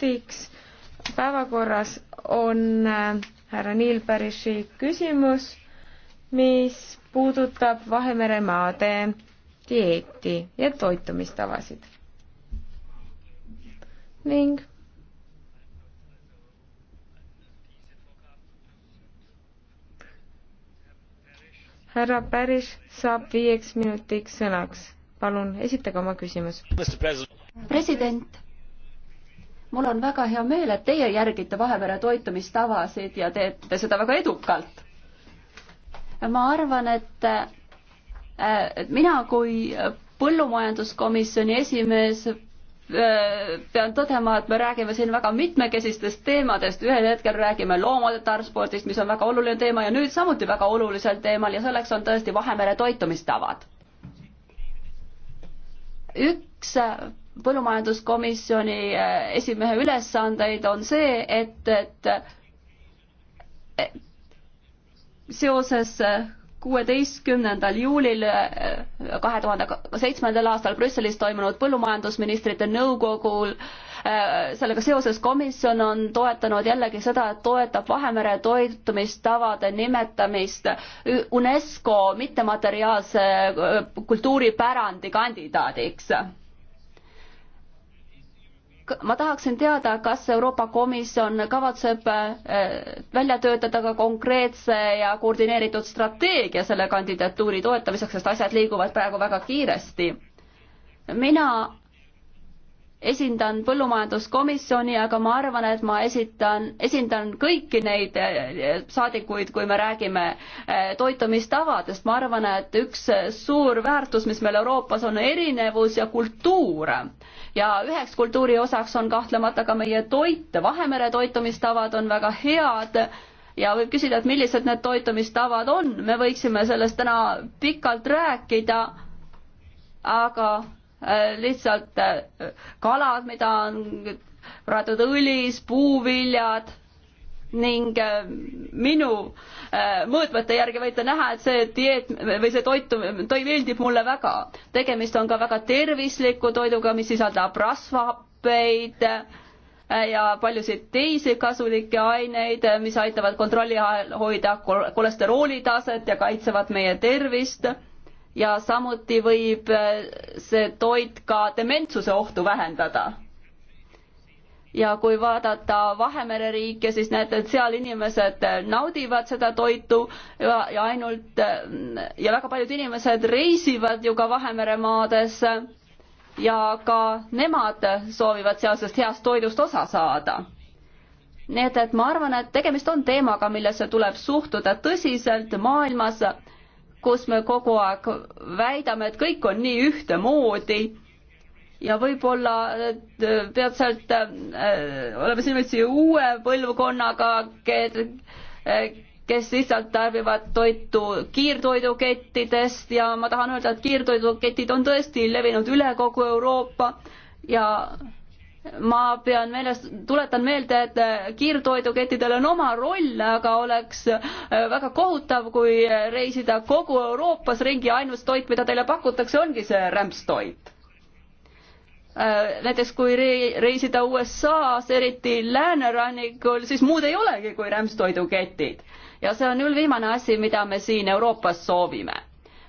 punktiks päevakorras on äh, härra Neil Parishi küsimus, mis puudutab Vahemere maade dieeti ja toitumistavasid. ning härra Parish saab viieks minutiks sõnaks. palun esitage oma küsimus. president mul on väga hea meel, et teie järgite Vahemere toitumistavasid ja teete seda väga edukalt. ma arvan, et äh, mina kui põllumajanduskomisjoni esimees äh, pean tõdema, et me räägime siin väga mitmekesistest teemadest, ühel hetkel räägime loomade transpordist, mis on väga oluline teema ja nüüd samuti väga olulisel teemal ja selleks on tõesti Vahemere toitumistavad. üks põllumajanduskomisjoni äh, esimehe ülesandeid on see, et, et seoses äh, kuueteistkümnendal juulil äh, kahe tuhande seitsmendal aastal Brüsselis toimunud põllumajandusministrite nõukogul sellega seoses komisjon on toetanud jällegi seda, et toetab Vahemere toitumistavade nimetamist UNESCO mittemateriaalse kultuuripärandi kandidaadiks ma tahaksin teada, kas Euroopa Komisjon kavatseb äh, välja töötada ka konkreetse ja koordineeritud strateegia selle kandidatuuri toetamiseks, sest asjad liiguvad praegu väga kiiresti. mina esindan põllumajanduskomisjoni, aga ma arvan, et ma esitan, esindan kõiki neid eh, saadikuid, kui me räägime eh, toitumistavadest. ma arvan, et üks suur väärtus, mis meil Euroopas on, erinevus ja kultuur. ja üheks kultuuri osaks on kahtlemata ka meie toit. Vahemere toitumistavad on väga head ja võib küsida, et millised need toitumistavad on. me võiksime sellest täna pikalt rääkida, aga Äh, lihtsalt äh, kalad, mida on praetud õlis, puuviljad ning äh, minu mõõtmete järgi võite näha, et see dieet või see toit, toit meeldib mulle väga. tegemist on ka väga tervisliku toiduga, mis sisaldab rasvhappeid ja paljusid teisi kasulikke aineid, mis aitavad kontrolli all hoida kolesterooli taset ja kaitsevad meie tervist ja samuti võib äh, see toit ka dementsuse ohtu vähendada. ja kui vaadata Vahemere riike, siis näete, et seal inimesed äh, naudivad seda toitu ja, ja ainult äh, ja väga paljud inimesed reisivad ju ka Vahemere maades ja ka nemad soovivad sealsest heast toidust osa saada nii et, et ma arvan, et tegemist on teemaga, millesse tuleb suhtuda tõsiselt maailmas kus me kogu aeg väidame, et kõik on nii ühtemoodi ja võib-olla äh, peatselt äh, oleme silmitsi uue põlvkonnaga, äh, kes lihtsalt tarbivad toitu kiirtoidukettidest ja ma tahan öelda, et kiirtoiduketid on tõesti levinud üle kogu Euroopa ja ma pean meeles, tuletan meelde, et äh, kiirtoidukettidel on oma roll, aga oleks äh, väga kohutav, kui reisida kogu Euroopas ringi, ainus toit, mida teile pakutakse, ongi see rämpstoit. Äh, näiteks kui reisida USA-s, eriti läänerannikul, siis muud ei olegi kui rämpstoiduketid ja see on küll viimane asi, mida me siin Euroopas soovime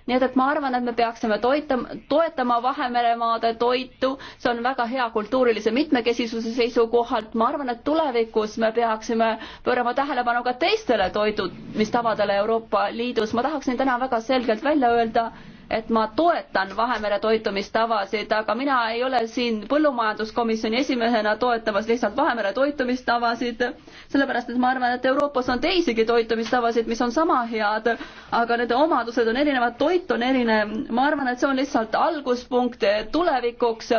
nii et, et ma arvan, et me peaksime toitama, toetama Vahemeremaade toitu, see on väga hea kultuurilise mitmekesisuse seisukohalt, ma arvan, et tulevikus me peaksime pöörama tähelepanu ka teistele toidutamistavadele Euroopa Liidus, ma tahaksin täna väga selgelt välja öelda, et ma toetan Vahemere toitumistavasid, aga mina ei ole siin põllumajanduskomisjoni esimehena toetamas lihtsalt Vahemere toitumistavasid, sellepärast et ma arvan, et Euroopas on teisigi toitumistavasid, mis on sama head, aga nende omadused on erinevad, toit on erinev. ma arvan, et see on lihtsalt alguspunkt tulevikuks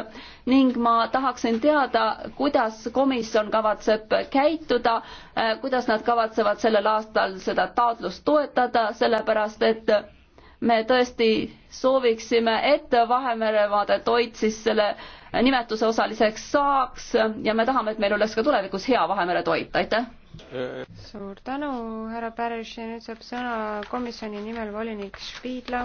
ning ma tahaksin teada, kuidas komisjon kavatseb käituda, kuidas nad kavatsevad sellel aastal seda taotlust toetada, sellepärast et me tõesti sooviksime, et Vahemerevaade Toit siis selle nimetuse osaliseks saaks ja me tahame, et meil oleks ka tulevikus hea Vahemere toit, aitäh! suur tänu, härra Pärish ja nüüd saab sõna komisjoni nimel volinik Spiidla.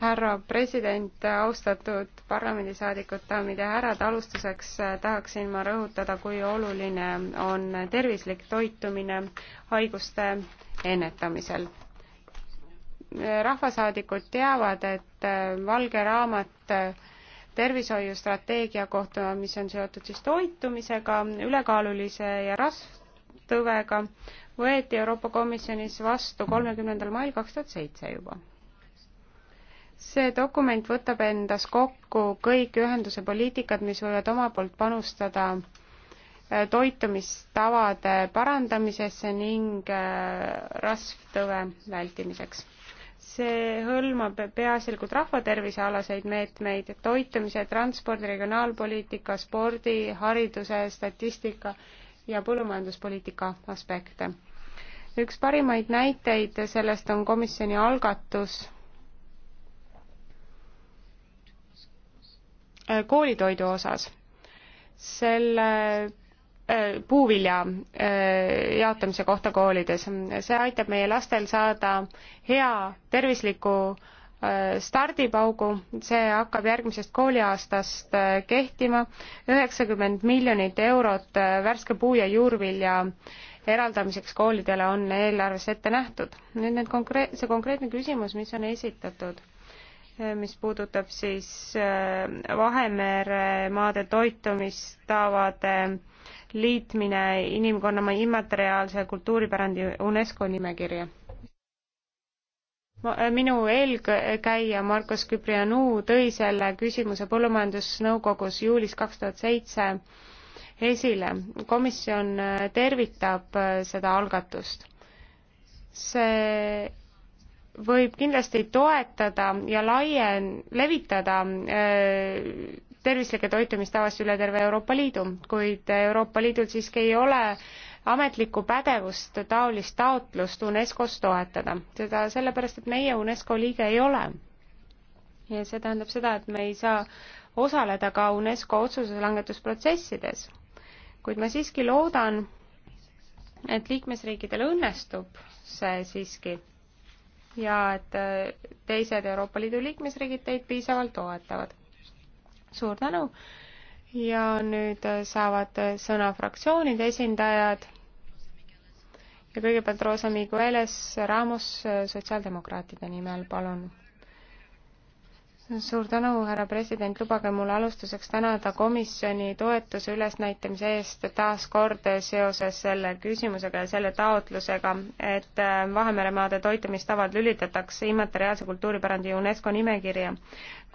härra president, austatud parlamendisaadikud, daamid ja härrad, alustuseks äh, tahaksin ma rõhutada, kui oluline on tervislik toitumine haiguste ennetamisel. Äh, rahvasaadikud teavad, et äh, valge raamat tervishoiustrateegia kohta, mis on seotud siis toitumisega, ülekaalulise ja rasvtõvega, võeti Euroopa Komisjonis vastu kolmekümnendal mail kaks tuhat seitse juba see dokument võtab endas kokku kõik ühenduse poliitikad, mis võivad oma poolt panustada äh, toitumistavade parandamisesse ning äh, rasvtõve vältimiseks. see hõlmab peaasjalikult rahvatervisealaseid meetmeid, toitumise, transpordi, regionaalpoliitika, spordi, hariduse, statistika ja põllumajanduspoliitika aspekte. üks parimaid näiteid sellest on komisjoni algatus Äh, koolitoidu osas, selle äh, puuvilja äh, jaotamise kohta koolides. see aitab meie lastel saada hea tervisliku stardipaugu, see hakkab järgmisest kooliaastast kehtima, üheksakümmend miljonit eurot värske puu- ja juurvilja eraldamiseks koolidele on eelarves ette nähtud. nüüd need konkreet-, see konkreetne küsimus, mis on esitatud mis puudutab siis äh, Vahemere maade toitumistavade liitmine inimkonna immateriaalse kultuuripärandi UNESCO nimekirja äh, minu eelkäija Markus Küprianou tõi selle küsimuse põllumajandusnõukogus juulis kaks tuhat seitse esile. komisjon äh, tervitab seda algatust. see võib kindlasti toetada ja laien-, levitada äh, tervislikke toitumistavasid üle terve Euroopa Liidu, kuid Euroopa Liidul siiski ei ole ametlikku pädevust taolist taotlust UNESCO-s toetada. seda sellepärast, et meie UNESCO liige ei ole. ja see tähendab seda, et me ei saa osaleda ka UNESCO otsuse langetusprotsessides. kuid ma siiski loodan, et liikmesriikidel õnnestub see siiski ja et äh, teised Euroopa Liidu liikmesriigid teid piisavalt toetavad. suur tänu ja nüüd äh, saavad äh, sõna fraktsioonide esindajad ja kõigepealt Rosa Migueles Ramos sotsiaaldemokraatide nimel, palun suur tänu, härra president, lubage mul alustuseks tänada komisjoni toetuse ülesnäitamise eest taas kord seoses selle küsimusega ja selle taotlusega, et äh, Vahemere maade toitumistavad lülitataks immateriaalse kultuuripärandi UNESCO nimekirja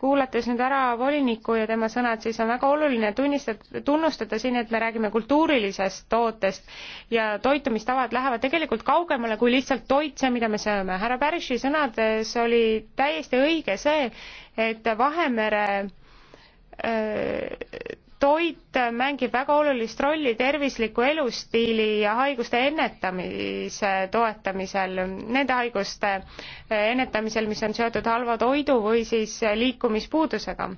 kuulates nüüd ära voliniku ja tema sõnad, siis on väga oluline tunnistada, tunnustada siin, et me räägime kultuurilisest tootest ja toitumistavad lähevad tegelikult kaugemale kui lihtsalt toit, see, mida me sööme. härra Pärši sõnades oli täiesti õige see, et Vahemere öö, äh, toit mängib väga olulist rolli tervisliku elustiili ja haiguste ennetamise toetamisel, nende haiguste ennetamisel, mis on seotud halva toidu või siis liikumispuudusega.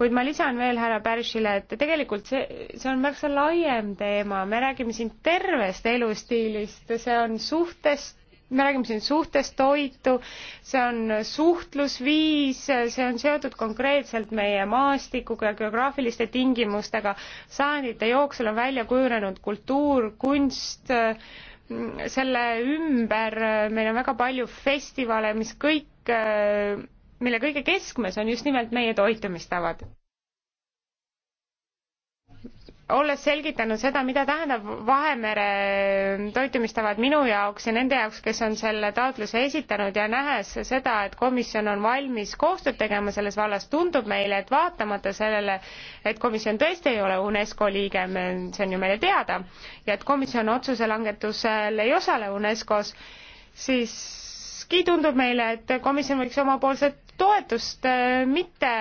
kuid ma lisan veel härra Pärsile, et tegelikult see, see on märksa laiem teema, me räägime siin tervest elustiilist, see on suhtest me räägime siin suhtest toitu, see on suhtlusviis, see on seotud konkreetselt meie maastikuga ja geograafiliste tingimustega. sajandite jooksul on välja kujunenud kultuur, kunst, selle ümber meil on väga palju festivale, mis kõik, mille kõige keskmes on just nimelt meie toitumistavad olles selgitanud seda, mida tähendab Vahemere toitumistavad minu jaoks ja nende jaoks, kes on selle taotluse esitanud ja nähes seda, et komisjon on valmis koostööd tegema selles vallas, tundub meile, et vaatamata sellele, et komisjon tõesti ei ole UNESCO liige, see on ju meile teada, ja et komisjon otsuse langetusel ei osale UNESCO-s, siiski tundub meile, et komisjon võiks omapoolset toetust mitte,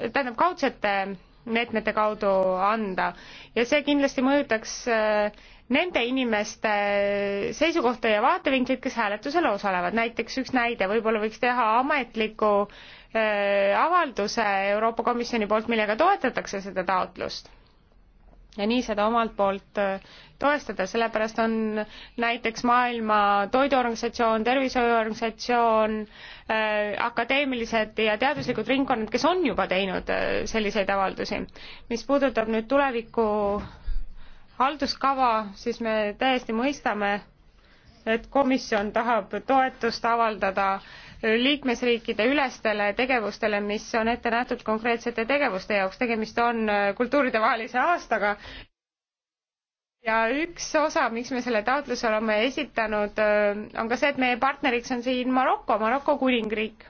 tähendab kaudset meetmete kaudu anda ja see kindlasti mõjutaks äh, nende inimeste äh, seisukohta ja vaatevinklit, kes hääletusel osalevad. näiteks üks näide, võib-olla võiks teha ametliku äh, avalduse Euroopa Komisjoni poolt, millega toetatakse seda taotlust ja nii seda omalt poolt äh, toestada, sellepärast on näiteks Maailma Toiduorganisatsioon, Tervishoiuorganisatsioon äh,, akadeemilised ja teaduslikud ringkonnad, kes on juba teinud äh, selliseid avaldusi. mis puudutab nüüd tuleviku halduskava, siis me täiesti mõistame, et komisjon tahab toetust avaldada liikmesriikide ülestele tegevustele, mis on ette nähtud konkreetsete tegevuste jaoks, tegemist on äh, kultuuridevahelise aastaga. ja üks osa, miks me selle taotluse oleme esitanud, äh, on ka see, et meie partneriks on siin Maroko, Maroko kuningriik.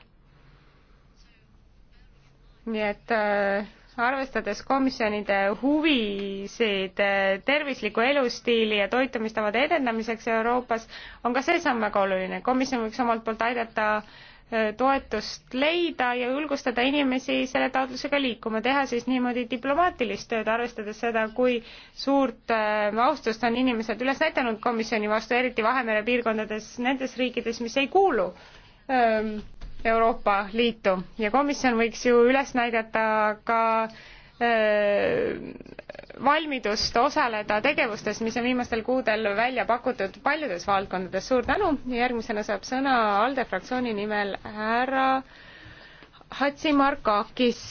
nii et äh, arvestades komisjonide huvisid eh, tervisliku elustiili ja toitumistavade edendamiseks Euroopas, on ka see samm väga oluline. komisjon võiks omalt poolt aidata eh, toetust leida ja julgustada inimesi selle taotlusega liikuma, teha siis niimoodi diplomaatilist tööd, arvestades seda, kui suurt eh, austust on inimesed üles näidanud komisjoni vastu, eriti Vahemere piirkondades, nendes riikides, mis ei kuulu öö, ehm, Euroopa Liitu ja komisjon võiks ju üles näidata ka äh, valmidust osaleda tegevustes, mis on viimastel kuudel välja pakutud paljudes valdkondades. suur tänu ja järgmisena saab sõna ALDE fraktsiooni nimel härra Hatsimarkakis.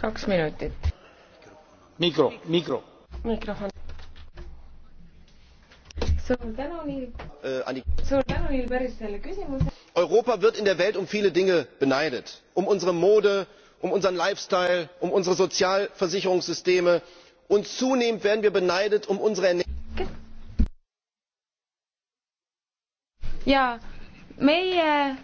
kaks minutit. mikro, mikro. mikrofon suur tänu, Neil. Äh, suur tänu, Neil Päris selle küsimuse. Europa wird in der Welt um viele Dinge beneidet. Um unsere Mode, um unseren Lifestyle, um unsere Sozialversicherungssysteme. Und zunehmend werden wir beneidet um unsere Ernährung. ja meie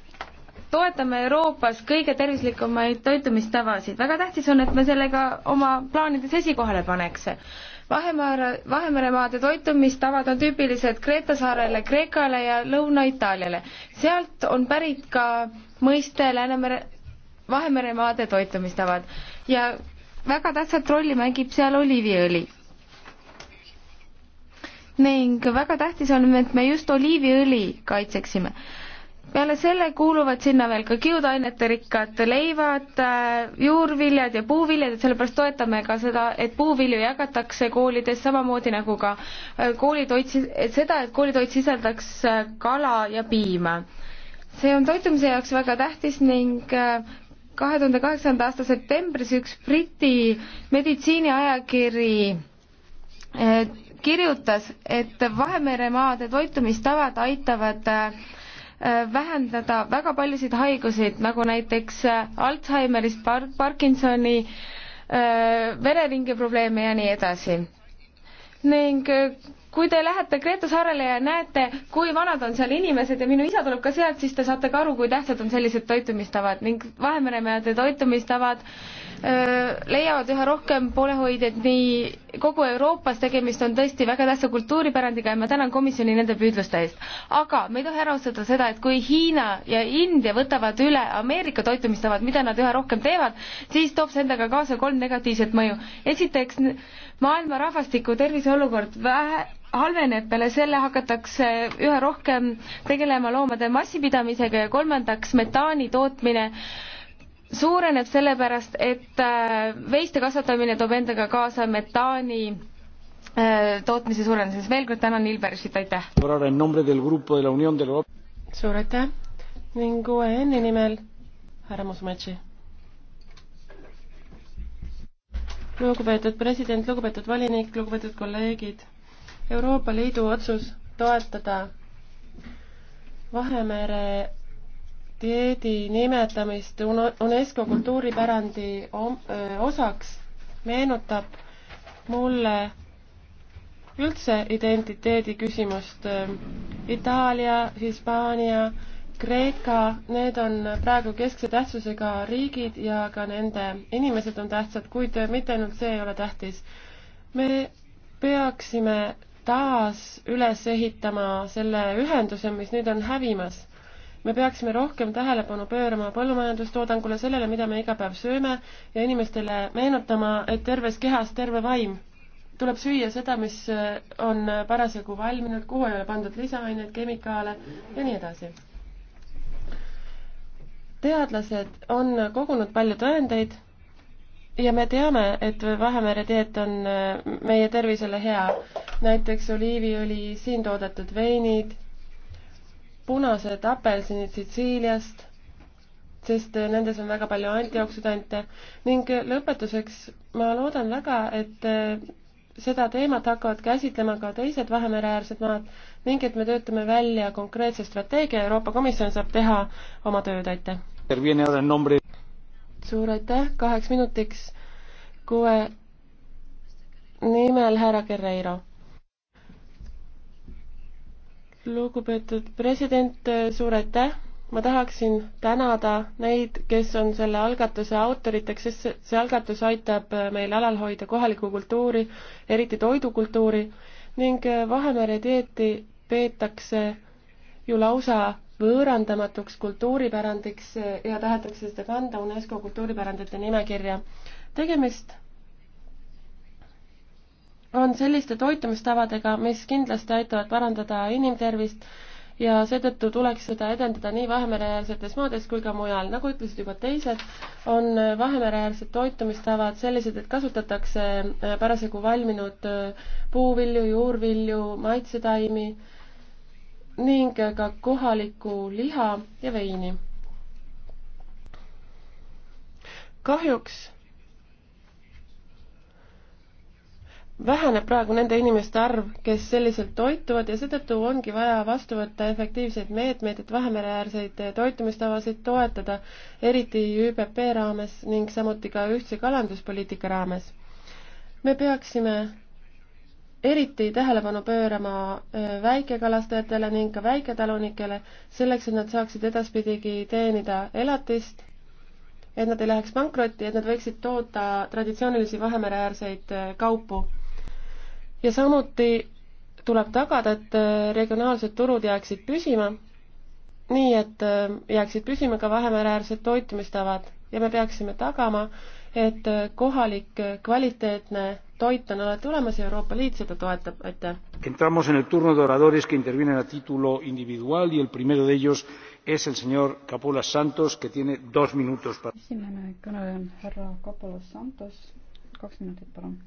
toetame Euroopas kõige tervislikumaid toitumistavasid. väga tähtis on, et me sellega oma plaanides esikohale paneks. Vahemere, Vahemeremaade toitumistavad on tüüpilised Kreeta saarele, Kreekale ja Lõuna-Itaaliale. sealt on pärit ka mõiste Läänemere, Vahemeremaade toitumistavad ja väga tähtsat rolli mängib seal oliiviõli. ning väga tähtis on, et me just oliiviõli kaitseksime peale selle kuuluvad sinna veel ka kiudainete rikkad leivad, äh, juurviljad ja puuviljad, et sellepärast toetame ka seda, et puuvilju jagatakse koolides samamoodi nagu ka äh, koolitoit, et seda, et koolitoit sisaldaks äh, kala ja piima. see on toitumise jaoks väga tähtis ning kahe tuhande kaheksanda aasta septembris üks Briti meditsiiniajakiri kirjutas, et Vahemere maade toitumistavad aitavad äh, Äh, vähendada väga paljusid haiguseid, nagu näiteks äh, Alžeimerist, Parkinsoni, äh, vereringe probleeme ja nii edasi. ning kui te lähete Kreeta saarele ja näete, kui vanad on seal inimesed ja minu isa tuleb ka sealt, siis te saate ka aru, kui tähtsad on sellised toitumistavad ning Vahemeremeade toitumistavad öö, leiavad üha rohkem poolehoidjaid nii kogu Euroopas, tegemist on tõesti väga tähtsa kultuuripärandiga ja ma tänan komisjoni nende püüdluste eest. aga me ei tohi ära unustada seda, et kui Hiina ja India võtavad üle Ameerika toitumistavad, mida nad üha rohkem teevad, siis toob see endaga kaasa kolm negatiivset mõju. esiteks, maailma rahvastiku tervise olukord vähe, halveneb, peale selle hakatakse üha rohkem tegelema loomade massipidamisega ja kolmandaks, metaani tootmine äh, suureneb sellepärast, et äh, veiste kasvatamine toob endaga kaasa metaani äh, tootmise suurenemises. veel kord tänan Ilbergit, aitäh! suur aitäh ning UEN-i nimel härra Musumeci. lugupeetud president, lugupeetud volinik, lugupeetud kolleegid. Euroopa Liidu otsus toetada Vahemere dieedi nimetamist UNESCO kultuuripärandi osaks meenutab mulle üldse identiteedi küsimust. Itaalia, Hispaania, Kreeka, need on praegu keskse tähtsusega riigid ja ka nende inimesed on tähtsad, kuid mitte ainult see ei ole tähtis. me peaksime taas üles ehitama selle ühenduse, mis nüüd on hävimas me peaksime rohkem tähelepanu pöörama põllumajandustoodangule, sellele, mida me iga päev sööme ja inimestele meenutama, et terves kehas terve vaim. tuleb süüa seda, mis äh, on äh, parasjagu valminud, kuhu ei ole pandud lisaaineid, kemikaale ja nii edasi. teadlased on kogunud palju tõendeid ja me teame, et Vahemere dieet on äh, meie tervisele hea. näiteks oliiviõli, siin toodetud veinid punased apelsinid Sitsiiliast, sest nendes on väga palju antioksüdante ning lõpetuseks ma loodan väga, et eh, seda teemat hakkavad käsitlema ka teised Vahemere-äärsed maad ning et me töötame välja konkreetse strateegia, Euroopa Komisjon saab teha oma tööd, aitäh! suur aitäh, kaheks minutiks kuue nimel härra Guerreiro lugupeetud president, suur aitäh! ma tahaksin tänada neid, kes on selle algatuse autoriteks, sest see algatus aitab meil alal hoida kohalikku kultuuri, eriti toidukultuuri ning Vahemere dieeti peetakse ju lausa võõrandamatuks kultuuripärandiks ja tahetakse seda kanda UNESCO kultuuripärandite nimekirja. tegemist on selliste toitumistavadega, mis kindlasti aitavad parandada inimtervist ja seetõttu tuleks seda edendada nii Vahemereäärsetes maades kui ka mujal. nagu ütlesid juba teised, on Vahemereäärsed toitumistavad sellised, et kasutatakse äh, parasjagu valminud äh, puuvilju, juurvilju, maitsetaimi ning ka kohalikku liha ja veini. kahjuks väheneb praegu nende inimeste arv, kes selliselt toituvad ja seetõttu ongi vaja vastu võtta efektiivseid meetmeid, et Vahemereäärseid toitumistavasid toetada, eriti ÜPP raames ning samuti ka ühtse kalanduspoliitika raames. me peaksime eriti tähelepanu pöörama äh, väikekalastajatele ning ka väiketalunikele, selleks et nad saaksid edaspidigi teenida elatist et nad ei läheks pankrotti, et nad võiksid toota traditsioonilisi Vahemereäärseid äh, kaupu ja samuti tuleb tagada, et äh, regionaalsed turud jääksid püsima, nii et äh, jääksid püsima ka Vahemereäärsed toitumistavad ja me peaksime tagama, et äh, kohalik kvaliteetne toit on alati olemas ja Euroopa Liit seda toetab, aitäh. Entramos en el turno de oradores que intervienen a título individual y el primero de ellos es el señor Capulas Santos que tiene dos minutos para. esimene kõneleja on härra Capulas Santos, kaks minutit, palun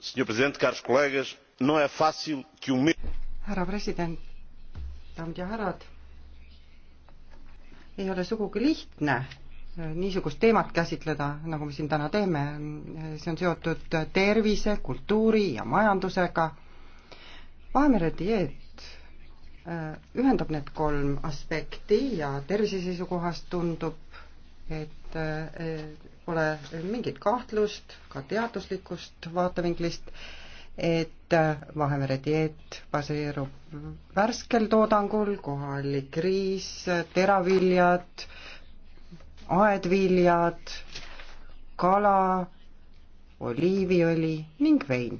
senhor presidente caros colegas não é fácil que o um mesmo. härra president daamid ja härrad ei ole sugugi lihtne äh, niisugust teemat käsitleda nagu me siin täna teeme see on seotud tervise kultuuri ja majandusega Vahemere dieet äh, ühendab need kolm aspekti ja tervise seisukohast tundub et eh, pole mingit kahtlust ka teaduslikust vaatevinklist, et eh, Vahemere dieet baseerub värskel toodangul, kohalik riis, teraviljad, aedviljad, kala, oliiviõli ning vein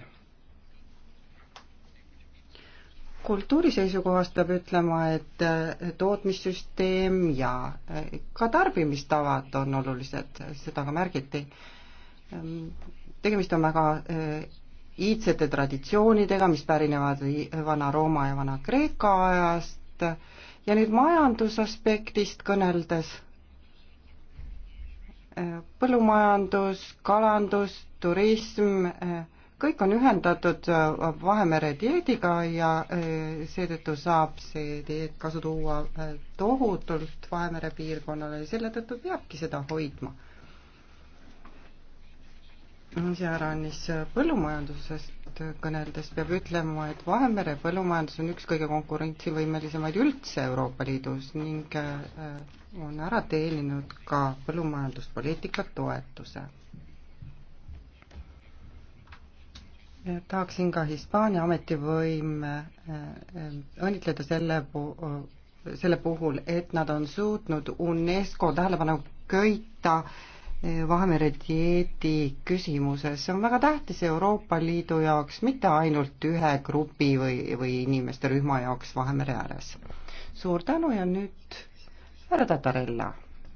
kultuuri seisukohast peab ütlema, et tootmissüsteem ja eh, ka tarbimistavad on olulised, seda ka märgiti. Ehm, tegemist on väga eh, iidsete traditsioonidega, mis pärinevad Vana-Rooma ja Vana-Kreeka ajast ja nüüd majandusaspektist kõneldes, eh, põllumajandus, kalandus, turism äh,, kõik on ühendatud äh, Vahemere dieediga ja äh, seetõttu saab see dieet kasu tuua äh, tohutult Vahemere piirkonnale ja selle tõttu peabki seda hoidma. iseäranis põllumajandusest kõneldes peab ütlema, et Vahemere põllumajandus on üks kõige konkurentsivõimelisemaid üldse Euroopa Liidus ning on ära teeninud ka põllumajanduspoliitika toetuse tahaksin ka Hispaania ametivõime äh, äh, õnnitleda selle pu-, selle puhul, et nad on suutnud UNESCO tähelepanu köita äh, Vahemere dieedi küsimuses, see on väga tähtis Euroopa Liidu jaoks, mitte ainult ühe grupi või, või inimeste rühma jaoks Vahemere ääres. suur tänu ja nüüd härra Tatarella,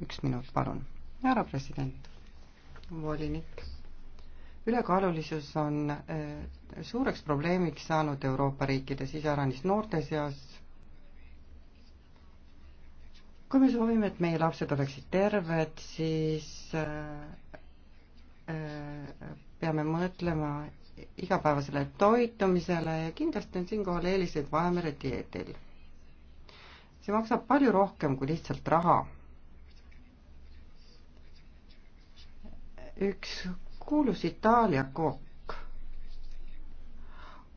üks minut, palun. härra president, volinik ülekaalulisus on äh, suureks probleemiks saanud Euroopa riikides, iseäranis noorte seas. kui me soovime, et meie lapsed oleksid terved, siis äh, äh, peame mõtlema igapäevasele toitumisele ja kindlasti on siinkohal eeliseid Vahemere dieedil. see maksab palju rohkem kui lihtsalt raha. üks kuulus Itaalia kokk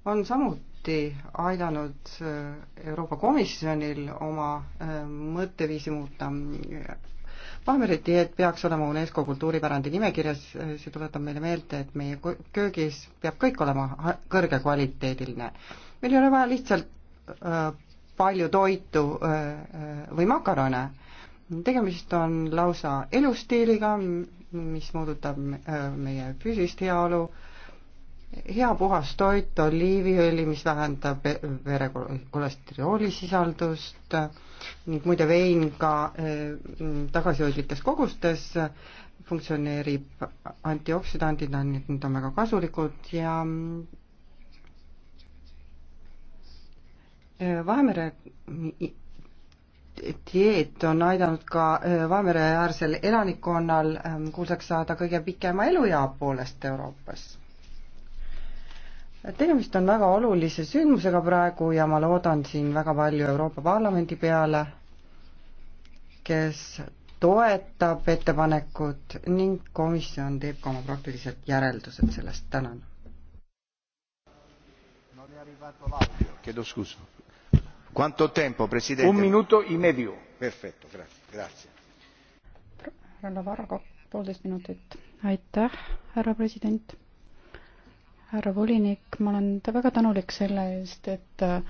on samuti aidanud äh, Euroopa Komisjonil oma äh, mõtteviisi muuta. Vahemere dieet peaks olema UNESCO kultuuripärandi nimekirjas, see tuletab meile meelde, et meie köögis peab kõik olema kõrge kvaliteediline. meil ei ole vaja lihtsalt äh, palju toitu või makarone, tegemist on lausa elustiiliga, mis puudutab äh, meie füüsilist heaolu, hea puhas toit, oliiviõli, mis vähendab vere kolesterooli sisaldust ning muide vein ka äh, tagasihoidlikes kogustes funktsioneerib antioksüdandina, nii et need on väga kasulikud ja äh, Vahemere dieet on aidanud ka äh, Vahemere-äärsel elanikkonnal ähm, kuulsaks saada kõige pikema elujaa poolest Euroopas. tegemist on väga olulise sündmusega praegu ja ma loodan siin väga palju Euroopa Parlamendi peale, kes toetab ettepanekut ning komisjon teeb ka oma praktilised järeldused sellest, tänan. chiedo scusa Quanto tempo, president? Un minuto y medio. Perfetto, grazie, grazie. härra Varga, poolteist minutit. aitäh, härra president. härra volinik, ma olen väga tänulik selle eest, et äh,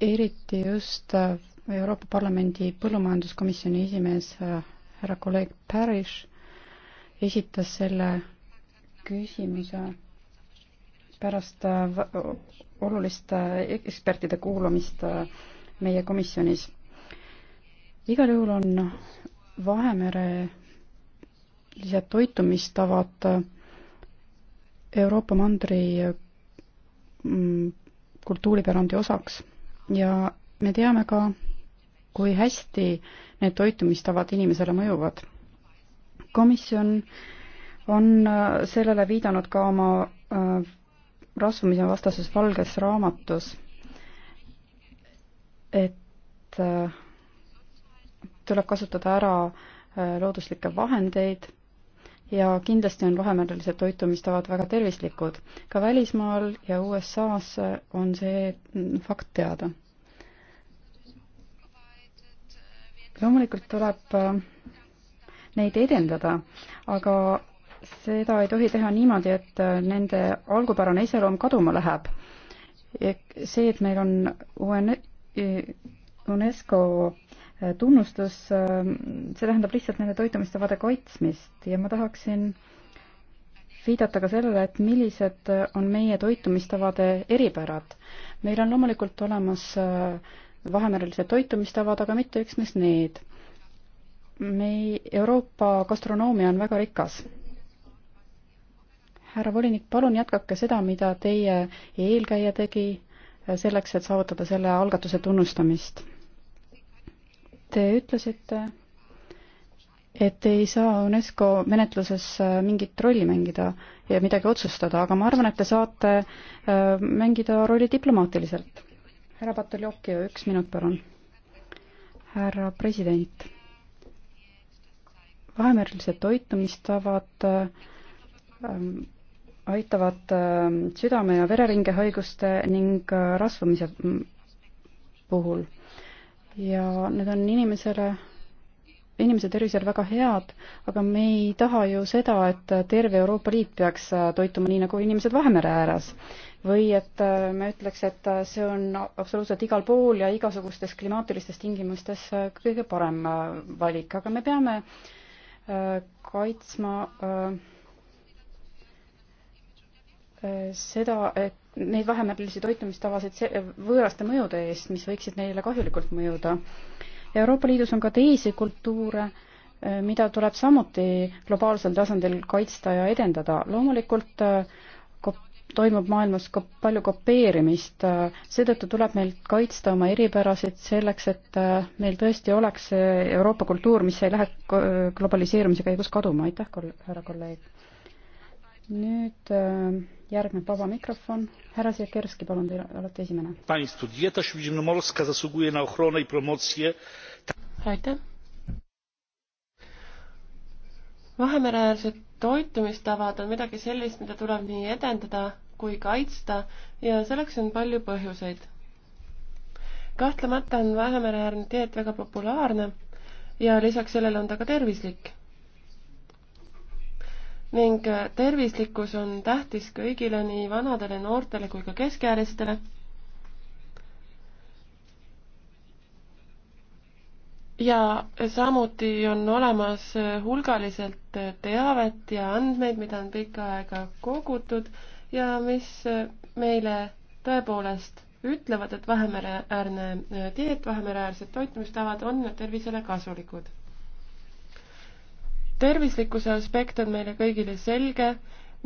eriti just äh, Euroopa Parlamendi põllumajanduskomisjoni esimees äh, härra kolleeg Parrish esitas selle küsimuse pärast äh, olulist äh, ekspertide kuulamist äh, meie komisjonis. igal juhul on Vahemere sellised toitumistavad Euroopa mandri mm, kultuuripärandi osaks ja me teame ka, kui hästi need toitumistavad inimesele mõjuvad. komisjon on sellele viidanud ka oma rasvumise vastases valges raamatus, et äh, tuleb kasutada ära äh, looduslikke vahendeid ja kindlasti on vahemerelised toitumistavad väga tervislikud. ka välismaal ja USA-s äh, on see mm, fakt teada. loomulikult tuleb neid edendada, aga seda ei tohi teha niimoodi, et äh, nende algupärane iseloom kaduma läheb. see, et meil on UN-, äh, UNESCO äh, tunnustus, see tähendab lihtsalt nende toitumistavade kaitsmist ja ma tahaksin viidata ka sellele, et millised on meie toitumistavade eripärad. meil on loomulikult olemas vahemerelised toitumistavad, aga mitte üksnes need. me, Euroopa gastronoomia on väga rikas härra volinik, palun jätkake seda, mida teie eelkäija tegi äh, selleks, et saavutada selle algatuse tunnustamist. Te ütlesite, et ei saa UNESCO menetluses äh, mingit rolli mängida ja midagi otsustada, aga ma arvan, et te saate äh, mängida rolli diplomaatiliselt. härra Batoljokio, üks minut, palun. härra president, vahemerlised toitumistavad ähm, aitavad ähm, südame- ja vereringehaiguste ning äh, rasvumise mm, puhul. ja need on inimesele, inimese tervisele väga head, aga me ei taha ju seda, et terve Euroopa Liit peaks äh, toituma nii, nagu inimesed Vahemere ääres. või et äh, me ütleks, et see on absoluutselt igal pool ja igasugustes klimaatilistes tingimustes kõige parem valik, aga me peame kaitsma äh, seda, et neid vähemärgilisi toitumistavasid võõraste mõjude eest, mis võiksid neile kahjulikult mõjuda. Euroopa Liidus on ka teisi kultuure, äh, mida tuleb samuti globaalsel tasandil kaitsta ja edendada. loomulikult äh, toimub maailmas ka palju kopeerimist, äh, seetõttu tuleb meil kaitsta oma eripärasid selleks, et meil tõesti oleks see Euroopa kultuur, mis ei lähe globaliseerumise käigus kaduma. aitäh, härra kolleeg! nüüd äh, järgneb vaba mikrofon. härra Sikerski, palun, te olete esimene. aitäh. Vahemereäärsed toitumistavad on midagi sellist, mida tuleb nii edendada kui kaitsta ja selleks on palju põhjuseid. kahtlemata on Vahemereäärne dieet väga populaarne ja lisaks sellele on ta ka tervislik ning äh, tervislikkus on tähtis kõigile, nii vanadele, noortele kui ka keskealistele. ja samuti on olemas äh, hulgaliselt äh, teavet ja andmeid, mida on pikka aega kogutud ja mis meile tõepoolest ütlevad, et Vahemereäärne dieet, Vahemereäärsed toitumistavad on tervisele kasulikud tervislikkuse aspekt on meile kõigile selge,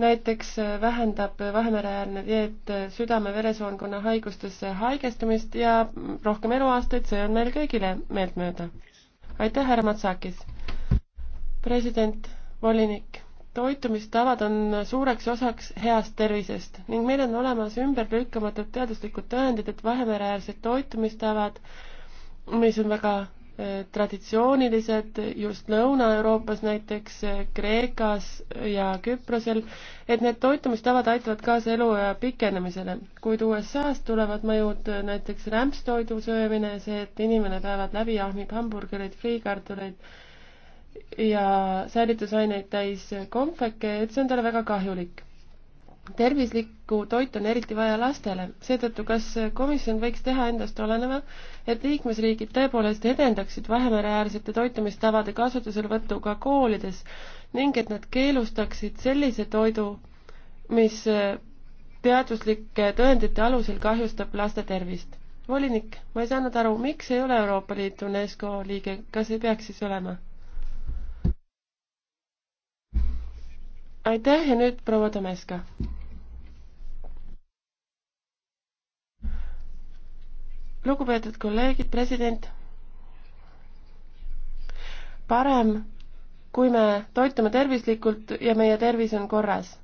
näiteks äh, vähendab Vahemereäärne dieet äh, südame-veresoonkonna haigustesse haigestumist ja rohkem eluaastaid, see on meil kõigile meeltmööda. aitäh, härra Matsakis! president, volinik, toitumistavad on suureks osaks heast tervisest ning meil on olemas ümberlükkamatud teaduslikud tõendid, et Vahemereäärsed toitumistavad, mis on väga traditsioonilised just Lõuna-Euroopas, näiteks Kreekas ja Küprosel, et need toitumistavad aitavad kaasa eluea pikenemisele. kuid USA-st tulevad mõjud näiteks rämpstoidu söömine, see, et inimene päevad läbi ahmib hamburgereid, friikartuleid ja säilitusaineid täis kompveke, et see on talle väga kahjulik tervislikku toitu on eriti vaja lastele, seetõttu kas komisjon võiks teha endast oleneva, et liikmesriigid tõepoolest edendaksid Vahemereäärsete toitumistavade kasutuselevõttu ka koolides ning et nad keelustaksid sellise toidu, mis teaduslike tõendite alusel kahjustab laste tervist. volinik, ma ei saanud aru, miks ei ole Euroopa Liit UNESCO liige, kas ei peaks siis olema? aitäh ja nüüd proua Tomeska lugupeetud kolleegid, president, parem, kui me toitume tervislikult ja meie tervis on korras.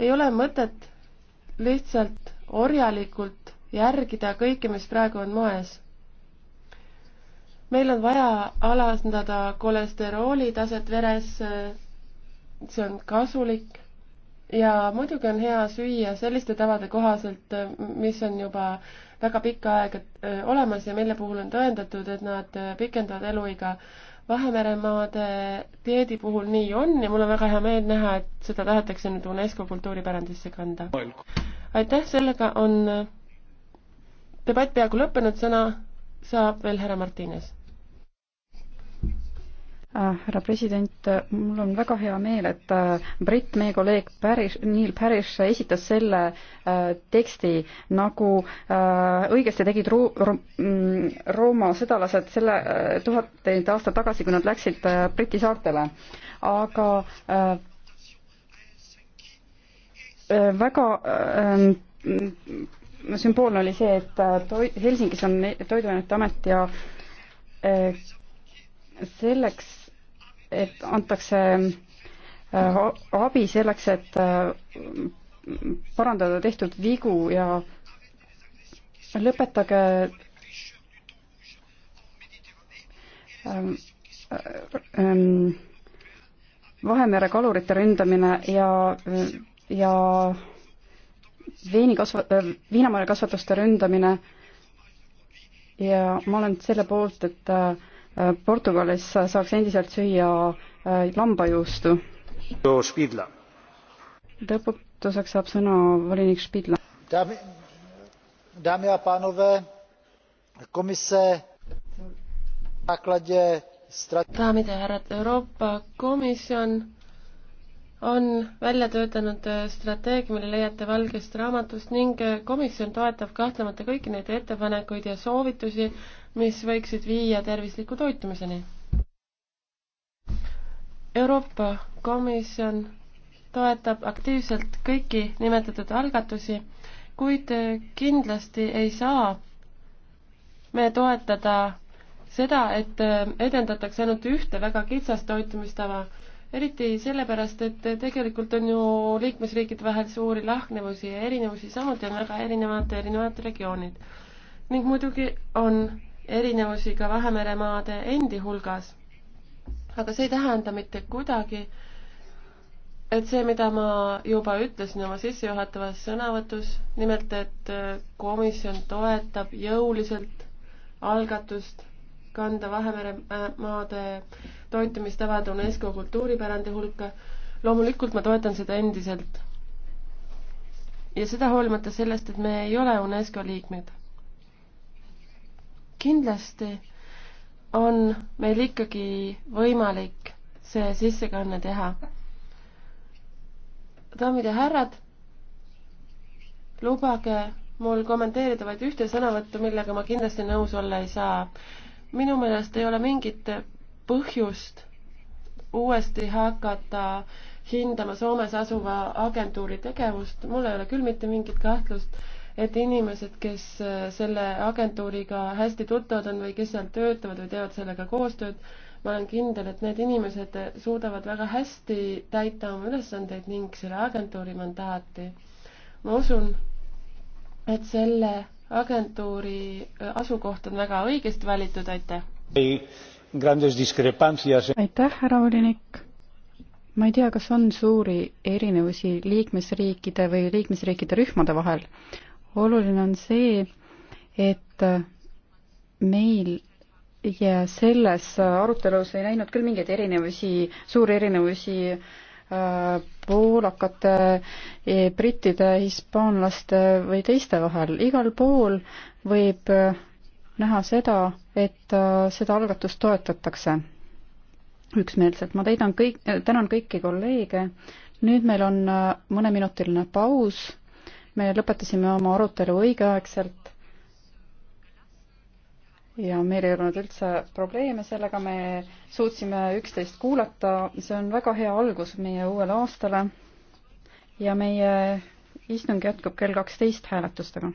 ei ole mõtet lihtsalt orjalikult järgida kõike, mis praegu on moes. meil on vaja alandada kolesterooli taset veres, see on kasulik ja muidugi on hea süüa selliste tavade kohaselt, mis on juba väga pikka aega äh, olemas ja mille puhul on tõendatud, et nad äh, pikendavad eluiga. Vahemeremaade dieedi puhul nii on ja mul on väga hea meel näha, et seda tahetakse nüüd UNESCO kultuuripärandisse kanda. aitäh, sellega on äh, debatt peaaegu lõppenud, sõna saab veel härra Martines Ah, härra president, mul on väga hea meel, et äh, britt, meie kolleeg Parish, Neil Parish esitas selle äh, teksti nagu äh, õigesti tegid Ru-, Ru-, mm, Rooma sõdalased selle tuhandeid aastaid tagasi, kui nad läksid Briti saartele. aga väga mm, sümboolne oli see, et toi-, Helsingis on Toiduainete Amet ja selleks et antakse äh, abi selleks, et äh, parandada tehtud vigu ja lõpetage ähm, äh, ähm, Vahemere kalurite ründamine ja, ja veini kasva-, viinamarjakasvatuste ründamine ja ma olen selle poolt, et äh, Äh, Portugalis saaks endiselt süüa äh, lambajuustu. lõpetuseks saab sõna volinik Špidla. Dámy a pánové, komise základě daamid ja härrad, Euroopa Komisjon on välja töötanud äh, strateegia, mille leiate Valgest raamatust ning komisjon toetab kahtlemata kõiki neid ettepanekuid ja soovitusi, mis võiksid viia tervisliku toitumiseni. Euroopa Komisjon toetab aktiivselt kõiki nimetatud algatusi, kuid kindlasti ei saa me toetada seda, et edendatakse ainult ühte väga kitsast toitumistava, eriti sellepärast, et tegelikult on ju liikmesriikide vahel suuri lahknevusi ja erinevusi, samuti on väga erinevad, erinevad regioonid. ning muidugi on erinevusi ka Vahemeremaade endi hulgas. aga see ei tähenda mitte kuidagi, et see, mida ma juba ütlesin oma sissejuhatavas sõnavõtus, nimelt, et äh, komisjon toetab jõuliselt algatust kanda Vahemere äh, maade toitumistavad UNESCO kultuuripärandi hulka. loomulikult ma toetan seda endiselt. ja seda hoolimata sellest, et me ei ole UNESCO liikmed kindlasti on meil ikkagi võimalik see sissekanne teha. daamid ja härrad, lubage mul kommenteerida vaid ühte sõnavõttu, millega ma kindlasti nõus olla ei saa. minu meelest ei ole mingit põhjust uuesti hakata hindama Soomes asuva agentuuri tegevust, mul ei ole küll mitte mingit kahtlust, et inimesed, kes äh, selle agentuuriga hästi tuttavad on või kes seal töötavad või teevad sellega koostööd, ma olen kindel, et need inimesed suudavad väga hästi täita oma ülesandeid ning selle agentuuri mandaati. ma usun, et selle agentuuri äh, asukoht on väga õigesti valitud, aitäh! aitäh, härra volinik! ma ei tea, kas on suuri erinevusi liikmesriikide või liikmesriikide rühmade vahel, oluline on see, et meil ja selles arutelus ei näinud küll mingeid erinevusi, suuri erinevusi äh, poolakate, e, brittide, hispaanlaste või teiste vahel. igal pool võib äh, näha seda, et äh, seda algatust toetatakse üksmeelselt. ma täidan kõik, tänan kõiki kolleege. nüüd meil on mõneminutiline paus me lõpetasime oma arutelu õigeaegselt ja meil ei olnud üldse probleeme sellega, me suutsime üksteist kuulata, see on väga hea algus meie uuele aastale ja meie istung jätkub kell kaksteist hääletustega.